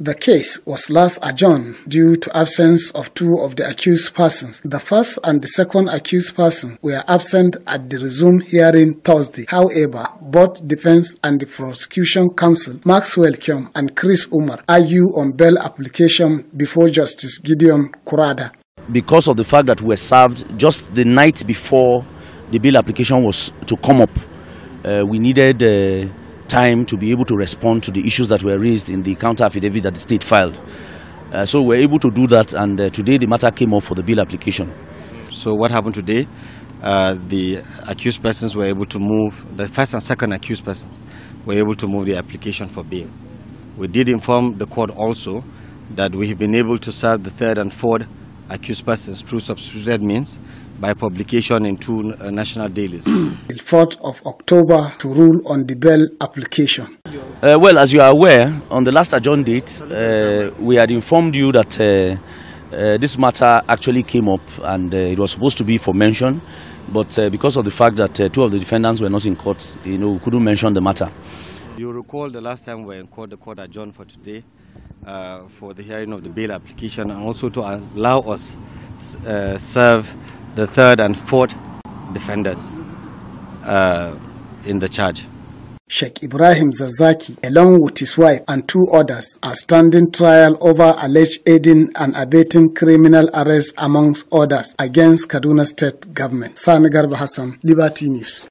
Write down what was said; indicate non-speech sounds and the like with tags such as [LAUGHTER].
The case was last adjourned due to absence of two of the accused persons. The first and the second accused person were absent at the resumed hearing Thursday. However, both defense and the prosecution counsel Maxwell Kyom and Chris Umar argue on bail application before Justice Gideon Kurada. Because of the fact that we were served just the night before the bail application was to come up, uh, we needed uh, time to be able to respond to the issues that were raised in the counter affidavit that the state filed. Uh, so we were able to do that, and uh, today the matter came up for the bill application. So what happened today? Uh, the accused persons were able to move, the first and second accused persons were able to move the application for bail. We did inform the court also that we have been able to serve the third and fourth accused persons through substituted means by publication in two uh, national dailies. [CLEARS THROAT] the 4th of October to rule on the Bell application. Uh, well, as you are aware, on the last adjourned date, uh, we had informed you that uh, uh this matter actually came up and uh, it was supposed to be for mention, but because of the fact that two of the defendants were not in court, you know, we couldn't mention the matter. You recall the last time we were in court, the court adjourned for today, uh, for the hearing of the bail application and also to allow us uh, serve the third and fourth defendants uh, in the charge. Sheikh Ibrahim Zazaki, along with his wife and two others, are standing trial over alleged aiding and abetting criminal arrest amongst others against Kaduna State Government. Sani Hassan, Liberty News.